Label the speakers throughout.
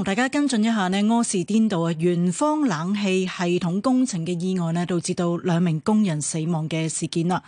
Speaker 1: 同大家跟進一下呢柯士甸道啊，圓方冷氣系統工程嘅意外呢，導致到兩名工人死亡嘅事件啦。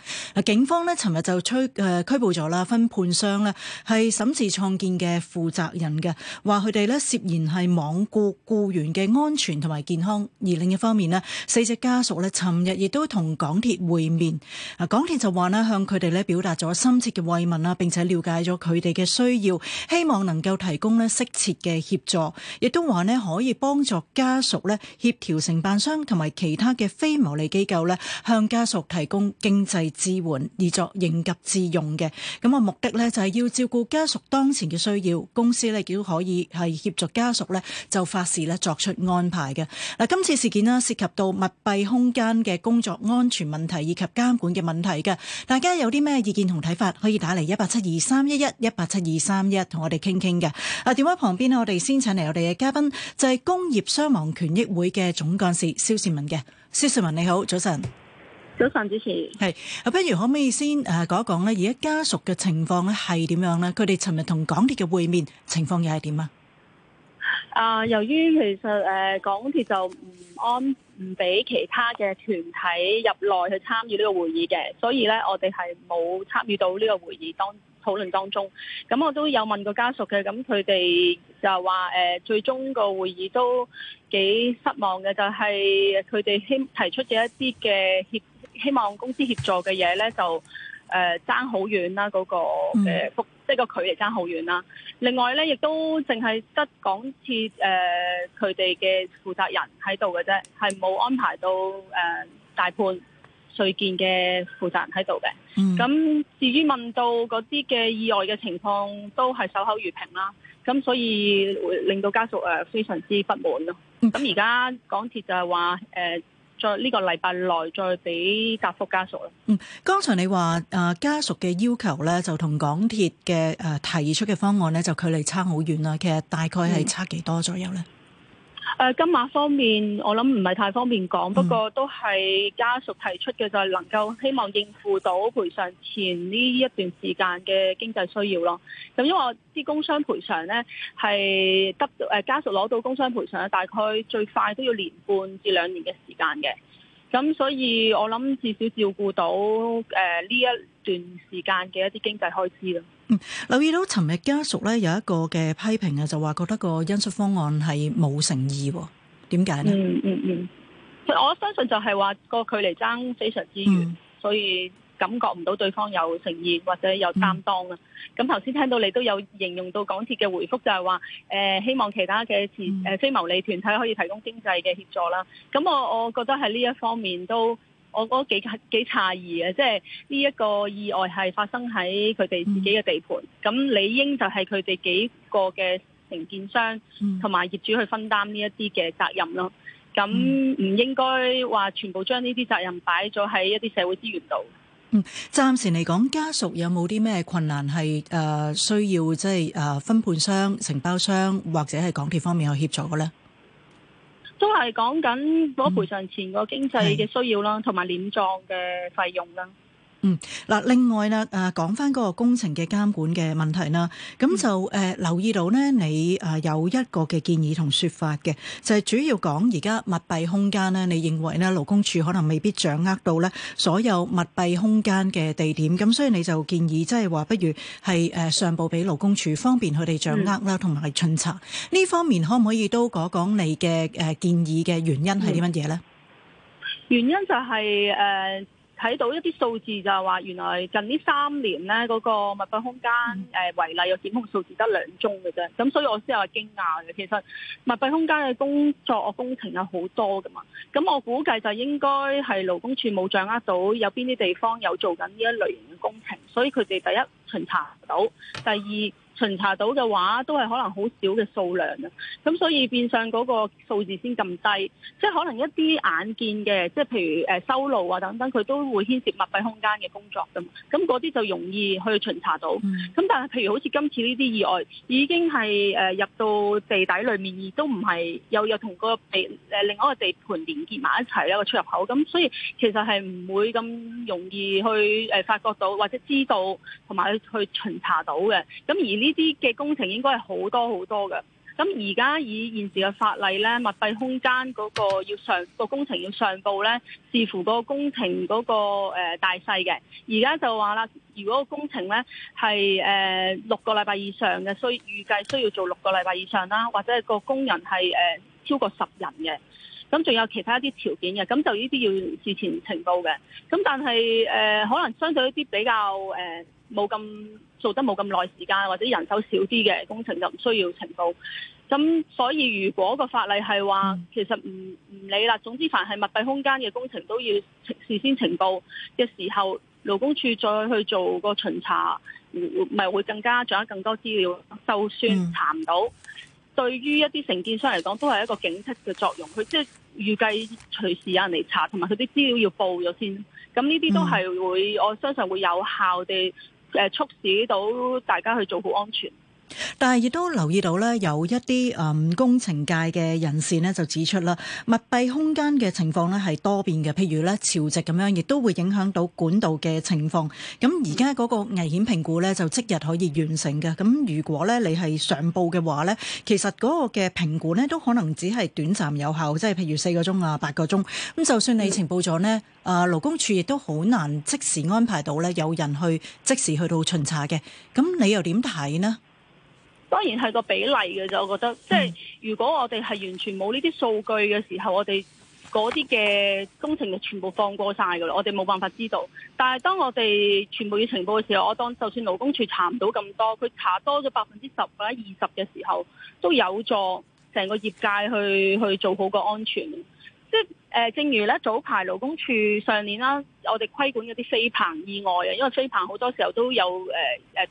Speaker 1: 警方呢，尋日就出誒拘捕咗啦，分判商呢係沈氏創建嘅負責人嘅，話佢哋呢涉嫌係罔顧僱員嘅安全同埋健康。而另一方面呢，死者家屬呢尋日亦都同港鐵會面。啊，港鐵就話呢，向佢哋呢表達咗深切嘅慰問啦，並且了解咗佢哋嘅需要，希望能夠提供呢適切嘅協助。亦都話呢可以幫助家屬呢協調承辦商同埋其他嘅非牟利機構呢向家屬提供經濟支援以作應急之用嘅。咁個目的呢就係要照顧家屬當前嘅需要。公司呢亦都可以係協助家屬呢就法事呢作出安排嘅。嗱，今次事件呢，涉及到密閉空間嘅工作安全問題以及監管嘅問題嘅。大家有啲咩意見同睇法，可以打嚟一八七二三一一一八七二三一，同我哋傾傾嘅。啊，電話旁邊呢，我哋先請嚟。我哋嘅嘉賓就係工業傷亡權益會嘅總幹事蕭倩文嘅，蕭倩文你好。早晨。早晨，主持。係，不如可唔可以先誒講一講咧？而家家屬嘅情況咧係點樣咧？佢哋尋日同港鐵嘅會面情況又係點啊？
Speaker 2: 啊，由於其實誒港鐵就唔安唔俾其他嘅團體入內去參與呢個會議嘅，所以咧我哋係冇參與到呢個會議當討論當中。咁我都有問過家屬嘅，咁佢哋。就話誒、呃，最終個會議都幾失望嘅，就係佢哋希提出嘅一啲嘅協，希望公司協助嘅嘢咧，就誒爭好遠啦，嗰、嗰個嘅、嗯、即係個距離爭好遠啦。另外咧，亦都淨係得港鐵誒，佢哋嘅負責人喺度嘅啫，係冇安排到誒、呃、大判瑞建嘅負責人喺度嘅。咁、嗯、至於問到嗰啲嘅意外嘅情況，都係守口如瓶啦。咁所以令到家屬誒非常之不滿咯。咁而家港鐵就係話誒，在、呃、呢個禮拜內再俾答覆家屬
Speaker 1: 咯。嗯，剛才你話誒、呃、家屬嘅要求咧，就同港鐵嘅誒、呃、提出嘅方案咧，就距離差好遠啦。其實大概係差幾多左右咧？嗯
Speaker 2: 誒、呃、金額方面，我諗唔係太方便講，嗯、不過都係家屬提出嘅就係能夠希望應付到賠償前呢一段時間嘅經濟需要咯。咁因為啲工傷賠償咧係得誒、呃、家屬攞到工傷賠償咧，大概最快都要年半至兩年嘅時間嘅。咁所以我諗至少照顧到誒呢、呃、一段時間嘅一啲經濟開支咯。嗯，
Speaker 1: 留意到尋日家屬咧有一個嘅批評啊，就話覺得個恩恤方案係冇誠意，點解呢？嗯嗯
Speaker 2: 嗯，我相信就係話個距離爭非常之遠，嗯、所以感覺唔到對方有誠意或者有擔當啦。咁頭先聽到你都有形容到港鐵嘅回覆，就係話誒希望其他嘅誒非牟利團體可以提供經濟嘅協助啦。咁我我覺得喺呢一方面都。我覺得幾幾詫異嘅，即係呢一個意外係發生喺佢哋自己嘅地盤，咁、嗯、理應就係佢哋幾個嘅承建商同埋、嗯、業主去分擔呢一啲嘅責任咯。咁唔應該話全部將呢啲責任擺咗喺一啲社會資源度。嗯，
Speaker 1: 暫時嚟講，家屬有冇啲咩困難係誒、呃、需要即係誒分判商、承包商或者係港鐵方面去協助嘅咧？
Speaker 2: 都係講緊嗰賠償前個經濟嘅需要啦，同埋殮葬嘅費用啦。
Speaker 1: 嗯，嗱，另外呢啊，講翻嗰個工程嘅監管嘅問題啦，咁就誒、嗯呃、留意到呢，你啊有一個嘅建議同說法嘅，就係、是、主要講而家密閉空間呢你認為呢勞工處可能未必掌握到呢所有密閉空間嘅地點，咁所以你就建議即係話不如係上報俾勞工處，方便佢哋掌握啦，同埋巡查呢方面，可唔可以都講講你嘅誒建議嘅原因係啲乜嘢呢、嗯？原
Speaker 2: 因就係、是、誒。Uh, 睇到一啲數字就係話，原來近呢三年咧嗰個密閉空間誒為例有檢控數字得兩宗嘅啫，咁所以我先有話驚訝嘅。其實密閉空間嘅工作和工程有好多㗎嘛，咁我估計就應該係勞工處冇掌握到有邊啲地方有做緊呢一類型嘅工程，所以佢哋第一巡查唔到，第二，巡查到嘅話都係可能好少嘅數量啊。咁所以變相嗰個數字先咁低，即係可能一啲眼見嘅，即係譬如誒修路啊，等等，佢都會牽涉密閉空間嘅工作㗎，咁嗰啲就容易去巡查到。咁、嗯、但係譬如好似今次呢啲意外，已經係誒入到地底裏面，亦都唔係又有同個地誒，另外一個地盤連結埋一齊一、一個出入口，咁所以其實係唔會咁容易去誒發覺到或者知道同埋去巡查到嘅。咁而呢啲嘅工程應該係好多好多嘅，咁而家以現時嘅法例呢，密閉空間嗰個要上個工程要上報呢，視乎個工程嗰、嗰個、呃、大細嘅。而家就話啦，如果個工程呢係誒、呃、六個禮拜以上嘅，所以預計需要做六個禮拜以上啦，或者個工人係誒、呃、超過十人嘅。咁仲有其他一啲條件嘅，咁就呢啲要事前呈報嘅。咁但係、呃、可能相對一啲比較冇咁、呃、做得冇咁耐時間或者人手少啲嘅工程就唔需要呈報。咁所以如果個法例係話其實唔唔理啦，總之凡係密閉空間嘅工程都要事先呈報嘅時候，勞工處再去做個巡查，咪會，會更加掌握更多資料。就算查唔到，嗯、對於一啲承建商嚟講都係一個警惕嘅作用。佢即預計隨時有人嚟查，同埋佢啲資料要報咗先，噉呢啲都係會、嗯、我相信會有效地誒促使到大家去做好安全。
Speaker 1: 但係亦都留意到咧，有一啲啊、嗯、工程界嘅人士呢，就指出啦，密閉空間嘅情況呢係多變嘅，譬如咧潮汐咁樣，亦都會影響到管道嘅情況。咁而家嗰個危險評估呢，就即日可以完成嘅。咁如果咧你係上報嘅話呢，其實嗰個嘅評估呢，都可能只係短暫有效，即係譬如四個鐘啊八個鐘。咁就算你呈報咗呢，啊勞工處亦都好難即時安排到呢，有人去即時去到巡查嘅。咁你又點睇呢？
Speaker 2: 當然係個比例嘅啫，我覺得，即係如果我哋係完全冇呢啲數據嘅時候，我哋嗰啲嘅工程就全部放過晒㗎喇，我哋冇辦法知道。但係當我哋全部要呈報嘅時候，我當就算勞工處查唔到咁多，佢查多咗百分之十或者二十嘅時候，都有助成個業界去去做好個安全。即係正如咧早排勞工處上年啦，我哋規管有啲飛棚意外啊，因為飛棚好多時候都有誒誒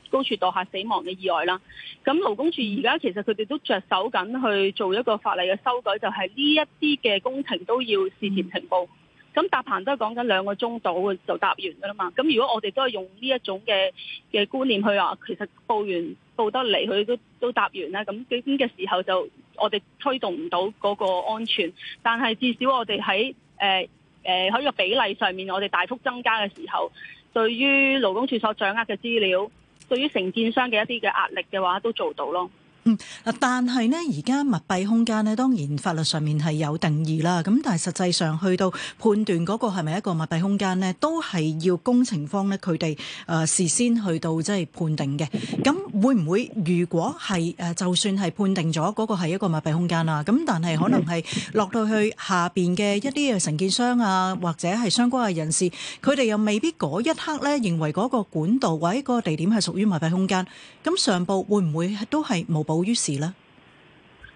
Speaker 2: 高處墮下死亡嘅意外啦。咁勞工處而家其實佢哋都着手緊去做一個法例嘅修改，就係呢一啲嘅工程都要事前呈報。咁搭棚都係講緊兩個鐘到就搭完噶啦嘛。咁如果我哋都係用呢一種嘅嘅觀念去話，其實報完報得嚟佢都都搭完啦，咁呢邊嘅時候就，我哋推動唔到嗰個安全，但係至少我哋喺誒誒喺一個比例上面，我哋大幅增加嘅時候，對於勞工處所掌握嘅資料，對於承建商嘅一啲嘅壓力嘅話，都做到咯。
Speaker 1: 嗯，但係咧，而家密閉空間咧，當然法律上面係有定義啦。咁但係實際上去到判斷嗰個係咪一個密閉空間咧，都係要工程方咧佢哋誒事先去到即係判定嘅。咁會唔會如果係誒就算係判定咗嗰個係一個密閉空間啦？咁但係可能係落到去下邊嘅一啲嘅承建商啊，或者係相關嘅人士，佢哋又未必嗰一刻咧認為嗰個管道或者嗰個地點係屬於密閉空間，咁上報會唔會都係冇保？好，於是咧，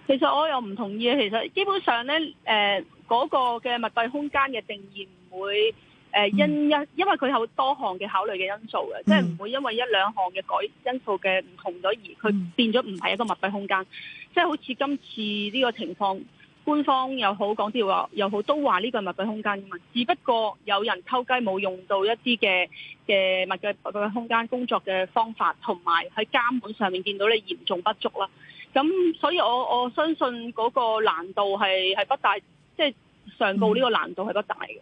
Speaker 2: 其實我又唔同意。其實基本上咧，誒、呃、嗰、那個嘅密閉空間嘅定義唔會誒因一，嗯、因為佢有多項嘅考慮嘅因素嘅，嗯、即係唔會因為一兩項嘅改因素嘅唔同咗而佢變咗唔係一個密閉空間，即係好似今次呢個情況。官方又好講啲話又好，都話呢個係密閉空間噶嘛。只不過有人偷雞冇用到一啲嘅嘅密閉空間工作嘅方法，同埋喺監管上面見到你嚴重不足啦。咁所以我我相信嗰個難度係係不大，即係上報呢個難度係不大嘅。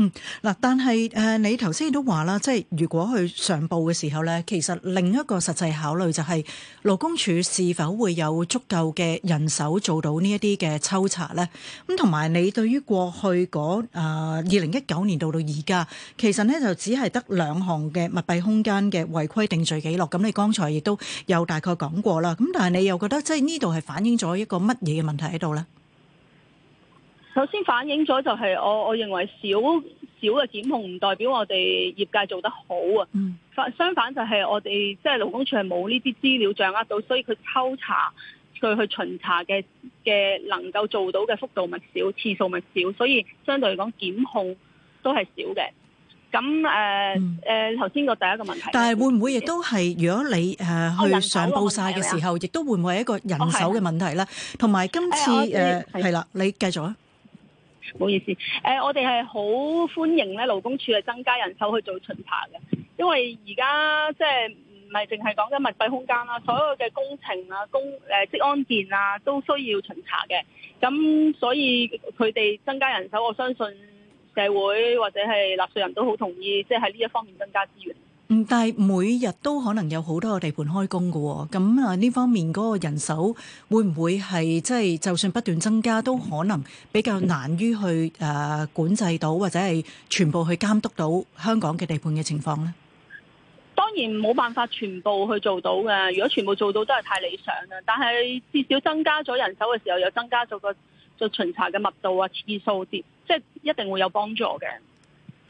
Speaker 1: 嗯，嗱，但係誒，你頭先都話啦，即係如果去上報嘅時候咧，其實另一個實際考慮就係、是、勞工處是否會有足夠嘅人手做到呢一啲嘅抽查咧。咁同埋你對於過去嗰二零一九年到到而家，其實呢就只係得兩項嘅密閉空間嘅違規定罪記錄。咁你剛才亦都有大概講過啦。咁但係你又覺得即係呢度係反映咗一個乜嘢嘅問題喺度咧？
Speaker 2: 首先反映咗就係我，我認為少少嘅檢控唔代表我哋業界做得好啊！反、嗯、相反就係我哋即係勞工處係冇呢啲資料掌握到，所以佢抽查佢去巡查嘅嘅能夠做到嘅幅度咪少，次數咪少，所以相對嚟講檢控都係少嘅。咁誒誒，頭先個第一個問題，但係會唔會亦都係？
Speaker 1: 如果你誒去上報晒嘅時候，亦都會唔會係一個人手嘅問題咧？同埋、哦、今次誒係啦，你繼續啊！唔好意思，
Speaker 2: 誒，我哋係好歡迎咧，勞工處係增加人手去做巡查嘅，因為而家即係唔係淨係講緊密備空間啦，所有嘅工程啊、工誒、職安電啊，都需要巡查嘅，咁所以佢哋增加人手，我相信社會或者係納稅人都好同意，即係喺呢一方面增加資源。
Speaker 1: 嗯，但係每日都可能有好多個地盤開工㗎喎，咁啊呢方面嗰個人手會唔會係即係就算不斷增加都可能比較難於去、呃、管制到或者係全部去監督到香港嘅地盤嘅情況呢？
Speaker 2: 當然冇辦法全部去做到嘅，如果全部做到都係太理想啦。但係至少增加咗人手嘅時候，又增加咗個做巡查嘅密度啊、次數啲，即係一定會有幫助嘅。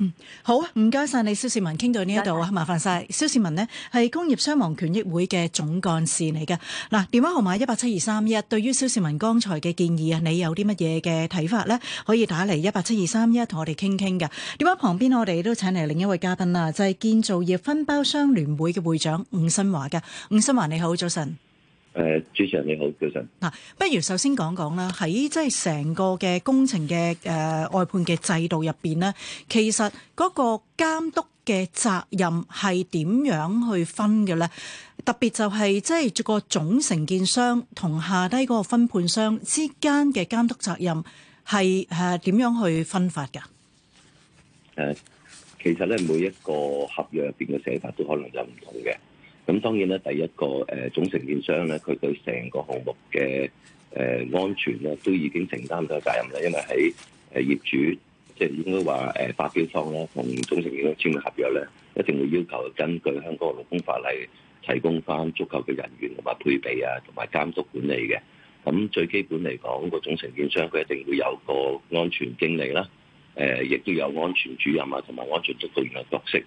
Speaker 1: 嗯，好啊，唔該晒你，蕭倩文傾到呢一度啊，謝謝麻煩晒蕭倩文呢係工業傷亡權益會嘅總幹事嚟嘅。嗱，電話號碼一八七二三一，對於蕭倩文剛才嘅建議啊，你有啲乜嘢嘅睇法呢？可以打嚟一八七二三一同我哋傾傾嘅。電話旁邊我哋都請嚟另一位嘉賓啦？就係、是、建造業分包商聯會嘅會長伍新華嘅。伍新華,伍新華你好，早晨。
Speaker 3: 誒，主持人，你好，早晨。
Speaker 1: 嗱、啊，不如首先講講啦，喺即係成個嘅工程嘅誒、呃、外判嘅制度入邊呢，其實嗰個監督嘅責任係點樣去分嘅咧？特別就係即係個總承建商同下低嗰個分判商之間嘅監督責任係誒點樣去分法噶？
Speaker 3: 誒、啊，其實咧每一個合約入邊嘅寫法都可能有唔同嘅。咁當然咧，第一個誒總承建商咧，佢對成個項目嘅誒、呃、安全咧，都已經承擔咗責任啦。因為喺誒業主，即係應該話誒發標方啦，同總承建商簽嘅合約咧，一定會要求根據香港嘅勞工法例，提供翻足夠嘅人員同埋配備啊，同埋監督管理嘅。咁最基本嚟講，個總承建商佢一定會有個安全經理啦，誒、呃，亦都有安全主任啊，同埋安全督察員嘅角色。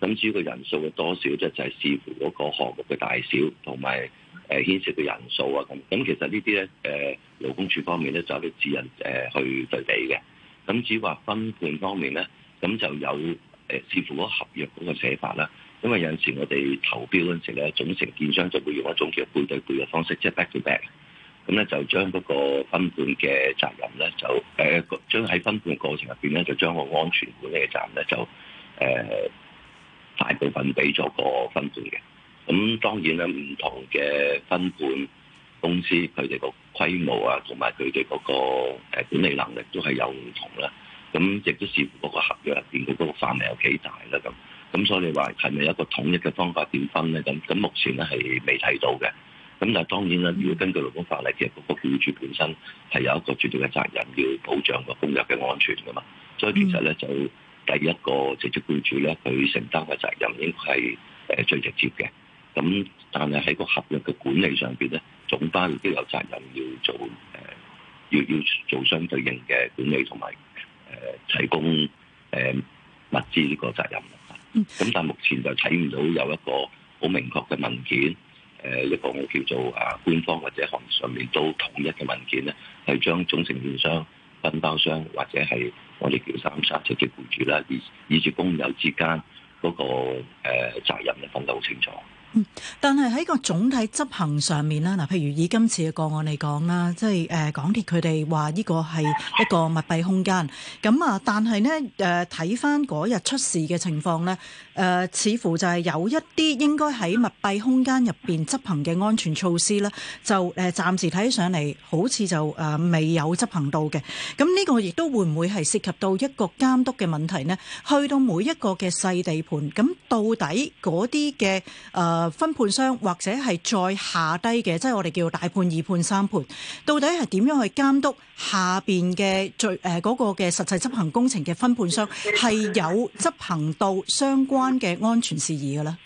Speaker 3: 咁至於個人數嘅多少，即就係視乎嗰個項目嘅大小同埋誒牽涉嘅人數啊咁。咁其實呢啲咧勞工處方面咧就有啲指引去對比嘅。咁至於話分判方面咧，咁就有誒視乎嗰個合約嗰個寫法啦。因為有陣時我哋投標嗰陣時咧，總承建商就會用一種叫背對背嘅方式，即係 back to back。咁咧就將嗰個分判嘅責任咧就將喺分判過程入面咧就將個安全管理嘅責任咧就誒、呃。大部分俾咗個分判嘅，咁當然咧，唔同嘅分判公司佢哋個規模啊，同埋佢哋嗰個管理能力都係有唔同啦。咁亦都視乎嗰個合約入邊嗰個範圍有幾大啦。咁，咁所以你話係咪一個統一嘅方法點分咧？咁咁目前咧係未睇到嘅。咁但係當然啦，如果根據勞工法例，其實嗰個僱主本身係有一個絕對嘅責任要保障個工作嘅安全噶嘛。所以其實咧、嗯、就。第一個直接僱主咧，佢承擔嘅責任應該係誒最直接嘅。咁但係喺個合約嘅管理上邊咧，總包亦都有責任要做誒，要、呃、要做相對應嘅管理同埋誒提供誒、呃、物資呢個責任。咁、mm. 但係目前就睇唔到有一個好明確嘅文件，誒、呃、一個我叫做啊官方或者行業上面都統一嘅文件咧，係將總承建商、分包商或者係。我哋叫三沙直接僱主啦，而以至工友之間嗰個誒責任咧分得好清楚。
Speaker 1: 嗯，但係喺個總體執行上面啦，嗱，譬如以今次嘅個案嚟講啦，即係誒，港鐵佢哋話呢個係一個密閉空間，咁啊，但係咧誒，睇翻嗰日出事嘅情況咧，誒，似乎就係有一啲應該喺密閉空間入邊執行嘅安全措施咧，就誒，暫時睇起上嚟，好似就誒未有執行到嘅。咁呢個亦都會唔會係涉及到一個監督嘅問題咧？去到每一個嘅細地盤，咁到底嗰啲嘅誒？誒，分判商或者係再下低嘅，即係我哋叫大判、二判、三判，到底係點樣去監督下邊嘅最誒嗰、呃那個嘅實際執行工程嘅分判商係有執行到相關嘅安全事宜嘅咧？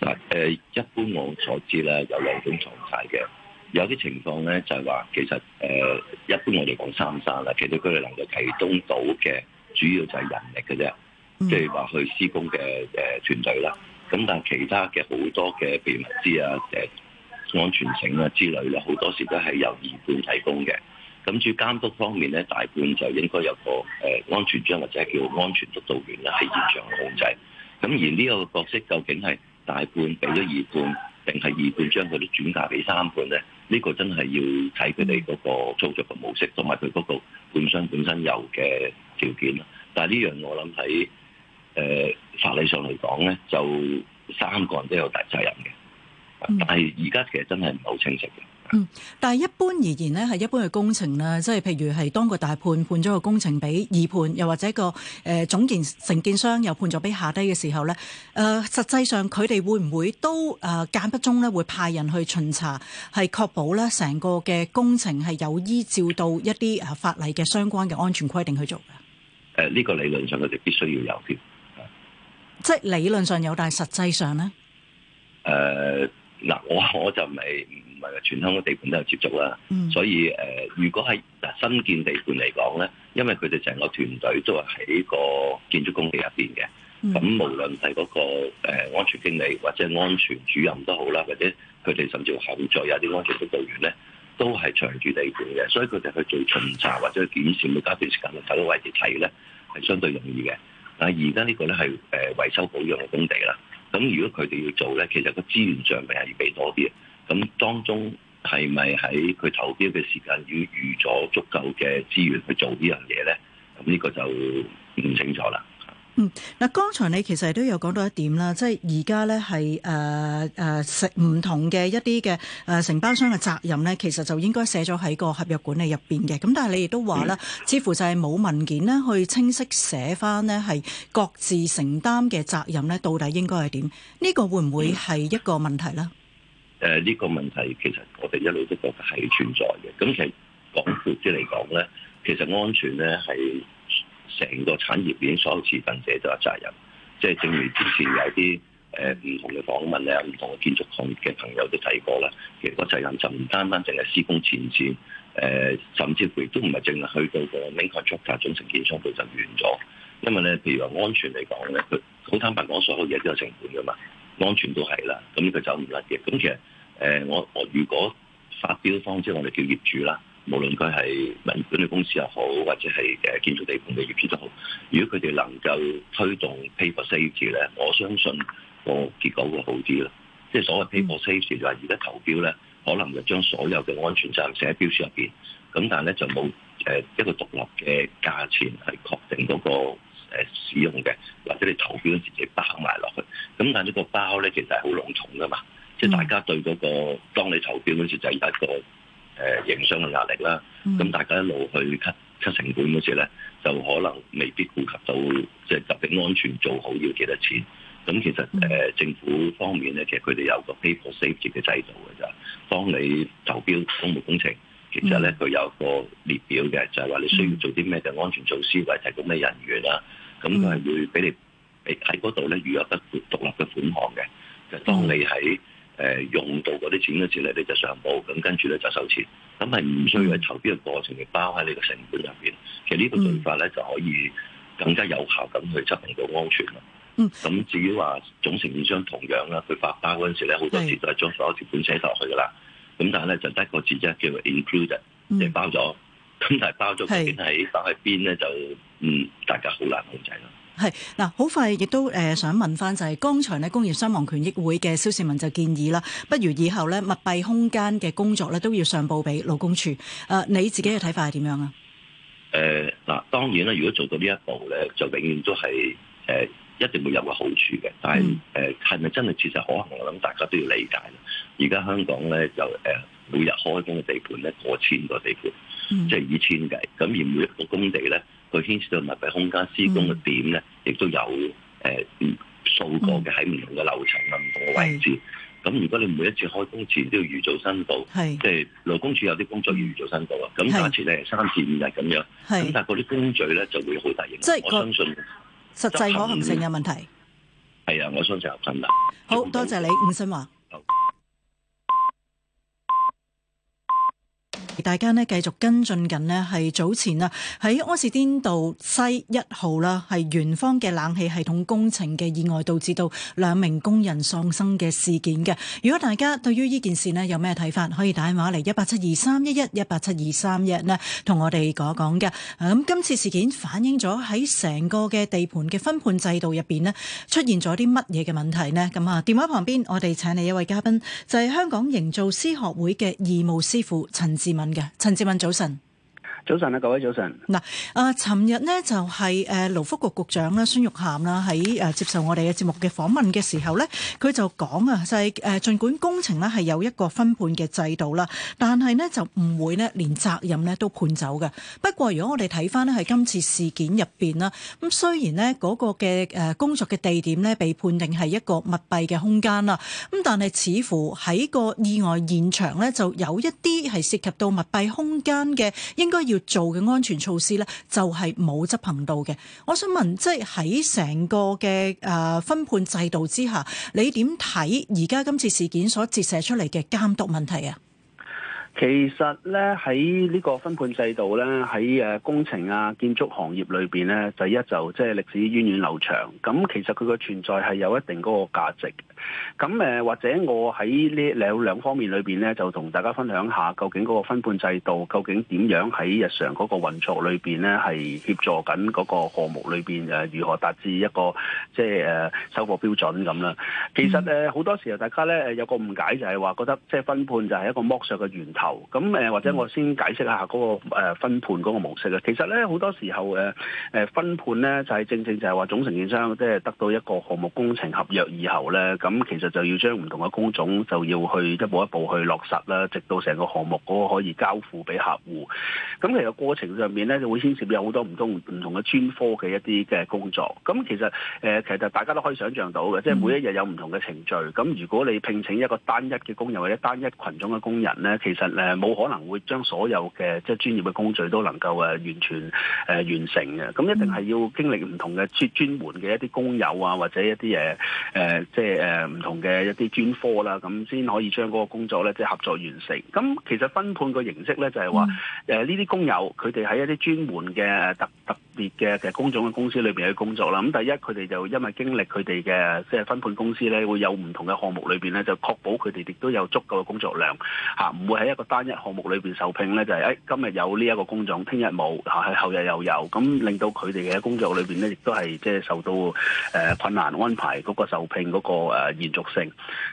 Speaker 3: 嗱、嗯，誒，一般我所知咧有兩種狀態嘅，有啲情況咧就係、是、話，其實誒、呃，一般我哋講三三啦，其實佢哋能夠提供到嘅主要就係人力嘅啫，即係話去施工嘅誒團隊啦。呃咁但係其他嘅好多嘅備物資啊，誒安全繩啊之類呢，咧，好多時都係由二判提供嘅。咁至於監督方面咧，大判就應該有個誒安全章或者叫安全督導員咧係現場控制。咁而呢個角色究竟係大判俾咗二判，定係二判將佢哋轉嫁俾三判咧？呢、這個真係要睇佢哋嗰個操作嘅模式，同埋佢嗰個判商本身有嘅條件咯。但係呢樣我諗喺。誒、呃，法理上嚟講咧，就三個人都有大責任嘅，嗯、但係而家其實真係唔係好清晰嘅。嗯，
Speaker 1: 但係一般而言呢，係一般嘅工程啦，即係譬如係當個大判判咗個工程俾二判，又或者個誒、呃、總建承建商又判咗俾下低嘅時候咧，誒、呃，實際上佢哋會唔會都誒、呃、間不中咧，會派人去巡查，係確保咧成個嘅工程係有依照到一啲誒法例嘅相關嘅安全規定去做嘅？
Speaker 3: 誒、呃，呢、這個理論上佢哋必須要有嘅。
Speaker 1: 即理論上有，但係實際上咧，
Speaker 3: 誒嗱、呃，我我就唔係唔係全香港的地盤都有接觸啦，嗯、所以誒、呃，如果係新建地盤嚟講咧，因為佢哋成個團隊都係喺個建築工地入邊嘅，咁、嗯、無論係嗰個、呃、安全經理或者安全主任都好啦，或者佢哋甚至後座有啲安全督導員咧，都係長住地盤嘅，所以佢哋去做巡查或者去檢視每隔一段時間走個位置睇咧，係相對容易嘅。啊！而家呢個咧係誒維修保養嘅工地啦，咁如果佢哋要做咧，其實個資源上面係要備多啲，咁當中係咪喺佢投標嘅時間要預咗足夠嘅資源去做這些東西呢樣嘢咧？咁呢個就唔清楚啦。
Speaker 1: 嗯，嗱，剛才你其實都有講到一點啦，即係而家咧係誒誒食唔同嘅一啲嘅誒承包商嘅責任咧，其實就應該寫咗喺個合約管理入邊嘅。咁但係你亦都話啦，似乎就係冇文件咧，去清晰寫翻咧係各自承擔嘅責任咧，到底應該係點？呢個會唔會係一個問題
Speaker 3: 咧？誒、嗯、呢、呃這個問題其實我哋一路都覺得係存在嘅。咁其實講闊啲嚟講咧，其實安全咧係。成個產業鏈所有持份者都有責任，即係正如之前有啲誒唔同嘅訪問啊，唔同嘅建築行業嘅朋友都提過啦。其實個責任就唔單單淨係施工前線、呃，誒甚至乎都唔係淨係去到個 linker constructor 總承建商佢就完咗，因為咧譬如話安全嚟講咧，佢好坦白講，所有嘢都有成本㗎嘛，安全都係啦，咁佢就走唔甩嘅。咁其實誒我我如果發表方即係我哋叫業主啦。無論佢係文管理公司又好，或者係誒建築地盤嘅業主都好，如果佢哋能夠推動 pay for safety 咧，我相信個結果會好啲啦。即係所謂 pay for safety 就係而家投標咧，可能就將所有嘅安全責任寫喺標書入邊。咁但係咧就冇誒一個獨立嘅價錢係確定嗰個使用嘅，或者你投標嗰時就包埋落去。咁但係呢個包咧其實係好濃重噶嘛，即係大家對嗰、嗰個當你投標嗰時候就有一個。誒營商嘅壓力啦，咁大家一路去 cut 成本嗰時咧，就可能未必顧及到即係整安全做好要幾多錢。咁其實誒政府方面咧，其實佢哋有個 pay for safety 嘅制度嘅啫，就當你投標公共工程，其實咧佢有個列表嘅，就係話你需要做啲咩嘅安全措施，或者提供咩人員啦，咁佢係會俾你喺嗰度咧預約一獨立嘅款項嘅，就當你喺。嗯誒用到嗰啲錢嗰陣時咧，你就上報，咁跟住咧就收錢，咁係唔需要喺投標嘅過程嚟包喺你個成本入面。其實個對呢個做法咧就可以更加有效咁去執行到安全咯。咁至於話總承建商同樣啦，佢發包嗰陣時咧，好多時都係將所有字本寫落去噶啦。咁是但係咧就得一個字一叫做 include，即係、嗯、包咗。咁但係包咗究竟喺包喺邊咧？就嗯，大家好難控制咯。
Speaker 1: 係嗱，好、啊、快亦都誒、呃、想問翻就係剛才咧工業傷亡權益會嘅蕭倩文就建議啦，不如以後呢密閉空間嘅工作咧都要上報俾勞工處。誒、啊、你自己嘅睇法係點樣啊？
Speaker 3: 誒嗱、呃，當然啦，如果做到呢一步呢，就永遠都係誒、呃、一定會有，有個好處嘅。但係誒係咪真係切實可行？我諗大家都要理解。而家香港呢，就誒、呃、每日開工嘅地盤呢，過千個地盤，即係以千計。咁而每一個工地呢。佢牽涉到密閉空間施工嘅點咧，亦都有誒數個嘅喺唔同嘅樓層、唔同嘅位置。咁如果你每一次開工前都要預早申報，即係勞工處有啲工作要預早申報啊。咁假設咧三至五日咁樣，咁但係嗰啲工序咧就會好大影響。我相信
Speaker 1: 實際可行性有問題
Speaker 3: 係啊，我相信合襯啦。
Speaker 1: 好多謝你，伍新華。大家呢繼續跟進緊呢係早前啊喺柯士甸道西一號啦，係元方嘅冷氣系統工程嘅意外，導致到兩名工人喪生嘅事件嘅。如果大家對於呢件事呢，有咩睇法，可以打電話嚟一八七二三一一一八七二三一呢同我哋講講嘅。咁今次事件反映咗喺成個嘅地盤嘅分判制度入面，呢出現咗啲乜嘢嘅問題呢？咁啊，電話旁邊我哋請嚟一位嘉賓，就係香港營造師學會嘅義務司庫陳智敏。陳智敏，早晨。早晨啊，各位早晨。嗱，啊，尋日咧就係誒勞福局局長啊，孫玉菡啦，喺誒接受我哋嘅節目嘅訪問嘅時候咧，佢就講啊，就係誒儘管工程咧係有一個分判嘅制度啦，但係咧就唔會咧連責任咧都判走嘅。不過如果我哋睇翻，咧係今次事件入邊啦，咁雖然咧嗰個嘅誒工作嘅地點咧被判定係一個密閉嘅空間啦，咁但係似乎喺個意外現場咧就有一啲係涉及到密閉空間嘅，應該要。做嘅安全措施咧，就係冇執行到嘅。我想問，即係喺成個嘅誒分判制度之下，你點睇而家今次事件所折射出嚟嘅監督問題啊？
Speaker 4: 其實咧喺呢個分判制度咧，喺誒工程啊建築行業裏邊咧，第一就即係歷史源遠流長。咁其實佢嘅存在係有一定嗰個價值。咁或者我喺呢兩兩方面裏面咧，就同大家分享下究竟嗰個分判制度究竟點樣喺日常嗰個運作裏面咧，係協助緊嗰個項目裏面、呃、如何達至一個即係、呃、收貨標準咁啦。其實誒好多時候大家咧有個誤解就係話覺得即係分判就係一個剝削嘅源頭。咁、呃、或者我先解釋下嗰個分判嗰個模式啦。其實咧好多時候、呃、分判咧就係、是、正正就係話總承建商即係得到一個項目工程合約以後咧咁。咁其實就要將唔同嘅工種就要去一步一步去落實啦，直到成個項目嗰個可以交付俾客戶。咁其實過程上面咧就會牽涉有好多唔同唔同嘅專科嘅一啲嘅工作。咁其實、呃、其實大家都可以想象到嘅，即係每一日有唔同嘅程序。咁如果你聘請一個單一嘅工人或者單一群種嘅工人咧，其實誒冇可能會將所有嘅即係專業嘅工序都能夠完全完成嘅。咁一定係要經歷唔同嘅專門嘅一啲工友啊，或者一啲嘢、呃、即係、呃誒，唔同嘅一啲專科啦，咁先可以將嗰個工作咧，即係合作完成。咁其實分判個形式咧，就係話，誒、呃，呢啲工友佢哋喺一啲專門嘅誒特特。別嘅嘅工種嘅公司裏邊嘅工作啦，咁第一佢哋就因為經歷佢哋嘅即係分判公司咧，會有唔同嘅項目裏邊咧，就確保佢哋亦都有足夠嘅工作量，嚇唔會喺一個單一項目裏邊受聘咧，就係誒今日有呢一個工種，聽日冇嚇，係後日又有，咁令到佢哋嘅工作裏邊咧，亦都係即係受到誒困難安排嗰個受聘嗰個誒延續性。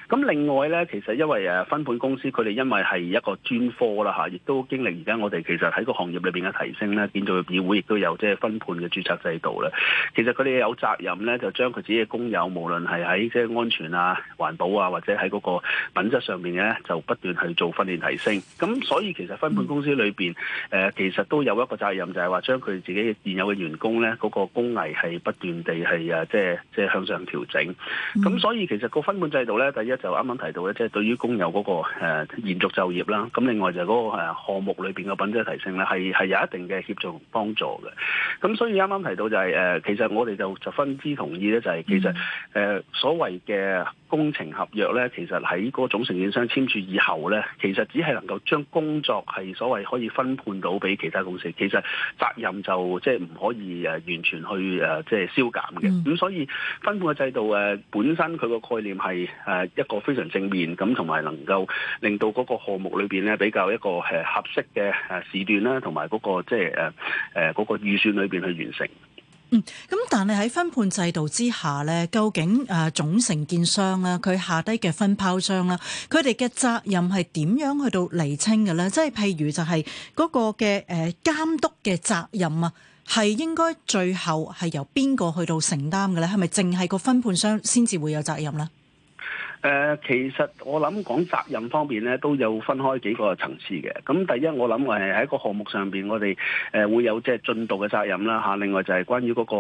Speaker 4: 咁另外咧，其實因為誒分判公司佢哋因為係一個專科啦嚇，亦都經歷而家我哋其實喺個行業裏邊嘅提升咧，建造業會亦都有即係分判嘅註冊制度咧，嗯嗯、其實佢哋有責任咧，就將佢自己嘅工友，無論係喺即係安全啊、環保啊，或者喺嗰個品質上面咧，就不斷去做訓練提升。咁所以其實分判公司裏邊，誒、呃、其實都有一個責任就是說，就係話將佢自己現有嘅員工咧，嗰、那個工藝係不斷地係啊，即係即係向上調整。咁所以其實個分判制度咧，第一就啱啱提到咧，即、就、係、是、對於工友嗰、那個、呃、延續就業啦。咁另外就嗰個誒項目裏邊嘅品質提升咧，係係有一定嘅協助幫助嘅。咁所以啱啱提到就係、是、誒、呃，其實我哋就就十分之同意咧，就係、是、其實誒、呃、所謂嘅。工程合約咧，其實喺嗰個總承建商簽署以後咧，其實只係能夠將工作係所謂可以分判到俾其他公司，其實責任就即係唔可以誒完全去誒即係消減嘅。咁所以分判嘅制度誒本身佢個概念係誒一個非常正面，咁同埋能夠令到嗰個項目裏面咧比較一個誒合適嘅誒時段啦，同埋嗰個即係誒誒嗰個預算裏面去完成。
Speaker 1: 咁、嗯、但係喺分判制度之下咧，究竟誒總承建商啊佢下低嘅分包商啦，佢哋嘅責任係點樣去到釐清嘅咧？即係譬如就係嗰個嘅誒監督嘅責任啊，係應該最後係由邊個去到承擔嘅咧？係咪淨係個分判商先至會有責任咧？
Speaker 4: 誒，其實我諗講責任方面咧，都有分開幾個層次嘅。咁第一，我諗係喺一個項目上邊，我哋誒會有即係進度嘅責任啦。嚇，另外就係關於嗰個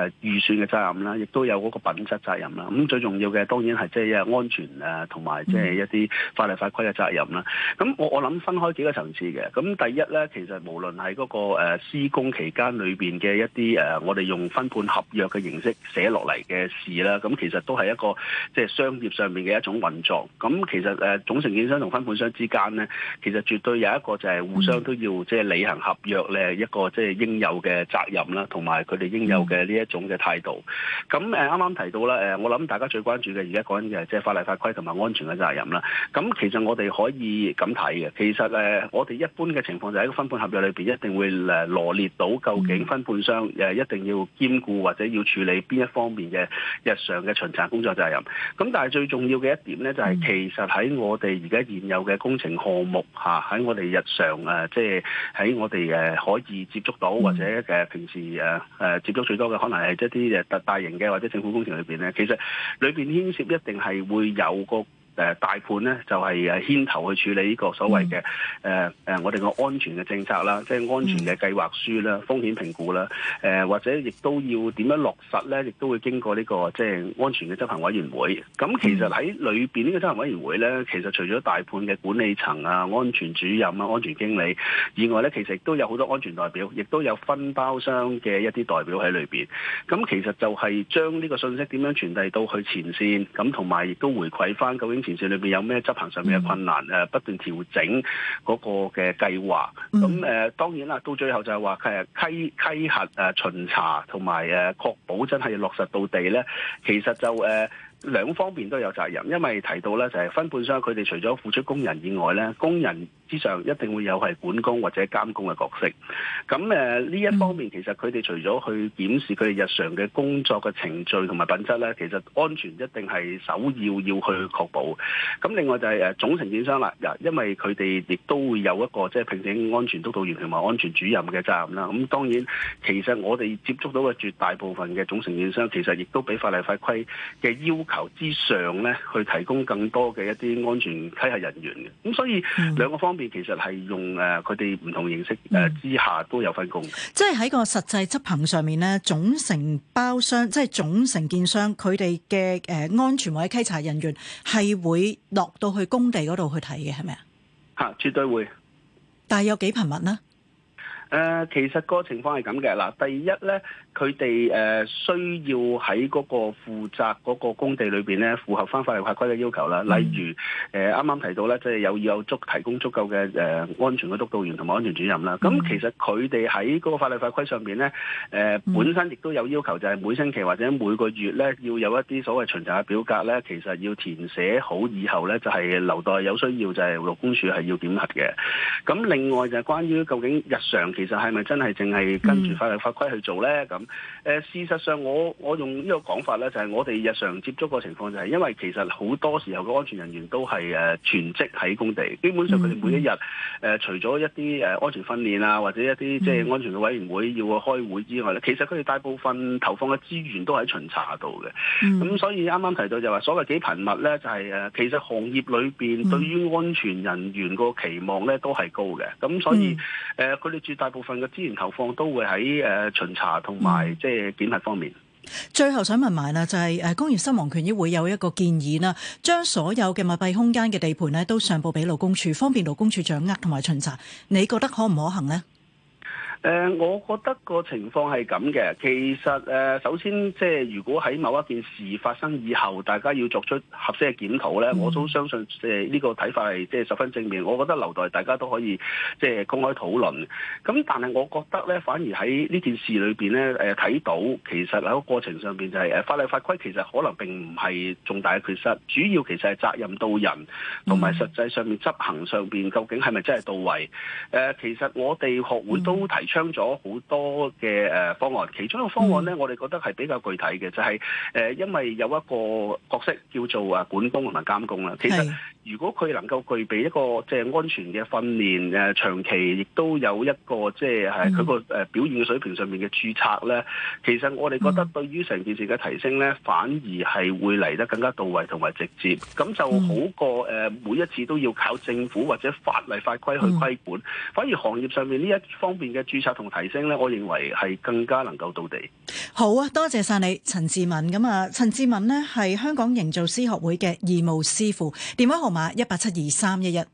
Speaker 4: 誒預算嘅責任啦，亦都有嗰個品質責任啦。咁最重要嘅當然係即係安全誒，同埋即係一啲法律法規嘅責任啦。咁我我諗分開幾個層次嘅。咁第一咧，其實無論係嗰個施工期間裏邊嘅一啲誒，我哋用分判合約嘅形式寫落嚟嘅事啦，咁其實都係一個即係商業上面嘅。嘅一種運作咁，其實誒總承建商同分判商之間咧，其實絕對有一個就係互相都要即係履行合約咧一個即係應有嘅責任啦，同埋佢哋應有嘅呢一種嘅態度。咁誒啱啱提到啦，誒我諗大家最關注嘅而家講緊嘅即係法例法規同埋安全嘅責任啦。咁其實我哋可以咁睇嘅，其實誒我哋一般嘅情況就喺個分判合約裏邊一定會誒羅列到究竟分判商誒一定要兼顧或者要處理邊一方面嘅日常嘅巡查工作責任。咁但係最重要。嘅一點咧，就係其實喺我哋而家現有嘅工程項目吓，喺我哋日常誒，即係喺我哋誒可以接觸到或者誒平時誒誒接觸最多嘅，可能係一啲誒特大型嘅或者政府工程裏邊咧，其實裏邊牽涉一定係會有個。大判呢就係牽頭去處理呢個所謂嘅誒誒我哋嘅安全嘅政策啦，即係安全嘅計劃書啦、風險評估啦，誒或者亦都要點樣落實呢？亦都會經過呢個即係安全嘅執行委員會。咁其實喺裏面呢個執行委員會呢，其實除咗大判嘅管理層啊、安全主任啊、安全經理以外呢，其實亦都有好多安全代表，亦都有分包商嘅一啲代表喺裏面。咁其實就係將呢個信息點樣傳遞到去前線，咁同埋亦都回饋返究竟。完善裏邊有咩執行上面嘅困難？誒不斷調整嗰個嘅計劃。咁誒當然啦，到最後就係話誒稽稽核誒巡查同埋誒確保真係要落實到地咧。其實就誒兩方面都有責任，因為提到咧就係分判商佢哋除咗付出工人以外咧，工人。嗯、之上一定會有係管工或者監工嘅角色，咁誒呢一方面其實佢哋除咗去檢視佢哋日常嘅工作嘅程序同埋品質咧，其實安全一定係首要要去確保。咁另外就係、是、誒總承建商啦，嗱因為佢哋亦都會有一個即係聘請安全督導員同埋安全主任嘅責任啦。咁當然其實我哋接觸到嘅絕大部分嘅總承建商其實亦都俾法例法規嘅要求之上咧，去提供更多嘅一啲安全稽核人員嘅。咁所以兩、嗯、個方面。其實係用誒，佢哋唔同形式誒之下都有分工，嗯
Speaker 1: 就是在。即係喺個實際執行上面咧，總承包商即係總承建商，佢哋嘅誒安全或者稽查人員係會落到去工地嗰度去睇嘅，係咪啊？
Speaker 4: 吓，絕對會。
Speaker 1: 但係有幾頻密呢？誒、
Speaker 4: 呃，其實個情況係咁嘅。嗱，第一咧。佢哋誒需要喺嗰個負責嗰個工地裏邊咧，符合翻法律法規嘅要求啦。例如誒，啱啱提到咧，即係有要有足提供足夠嘅誒安全嘅督導員同埋安全主任啦。咁其實佢哋喺嗰個法律法規上邊咧，誒本身亦都有要求，就係每星期或者每個月咧，要有一啲所謂巡查嘅表格咧，其實要填寫好以後咧，就係留待有需要就係勞工署係要檢核嘅。咁另外就係關於究竟日常其實係咪真係淨係跟住法律法規去做咧？誒事實上，我我用呢個講法咧，就係我哋日常接觸個情況就係，因為其實好多時候嘅安全人員都係誒全職喺工地，基本上佢哋每一日誒除咗一啲誒安全訓練啊，或者一啲即係安全嘅委員會要去開會之外咧，其實佢哋大部分投放嘅資源都喺巡查度嘅。咁所以啱啱提到就話所謂幾頻密咧，就係誒其實行業裏面對於安全人員個期望咧都係高嘅。咁所以誒佢哋絕大部分嘅資源投放都會喺誒巡查同埋。即係檢核方面。
Speaker 1: 最後想問埋啦，就係誒工業傷亡權益會有一個建議啦，將所有嘅密閉空間嘅地盤呢都上報俾勞工處，方便勞工處掌握同埋巡查。你覺得可唔可行呢？
Speaker 4: 誒，我覺得個情況係咁嘅。其實誒，首先即係如果喺某一件事發生以後，大家要作出合適嘅檢討呢，我都相信誒呢個睇法係即係十分正面。我覺得留待大家都可以即係公開討論。咁但係我覺得呢，反而喺呢件事裏面呢，睇到其實喺個過程上面，就係法例法規其實可能並唔係重大嘅缺失，主要其實係責任到人同埋實際上面執行上面，究竟係咪真係到位？誒，其實我哋學會都提商咗好多嘅誒方案，其中一個方案咧，我哋覺得係比較具體嘅，就係誒，因為有一個角色叫做啊管工同埋監工啦，其實。如果佢能夠具備一個即係安全嘅訓練，誒長期亦都有一個即係佢個誒表現嘅水平上面嘅註冊咧，嗯、其實我哋覺得對於成件事嘅提升咧，嗯、反而係會嚟得更加到位同埋直接，咁、嗯、就好過誒每一次都要靠政府或者法例法規去規管，嗯、反而行業上面呢一方面嘅註冊同提升咧，我認為係更加能夠到地。
Speaker 1: 好啊，多謝晒你，陳智敏。咁啊，陳智敏咧係香港營造師學會嘅義務司庫，電話。碼一八七二三一一。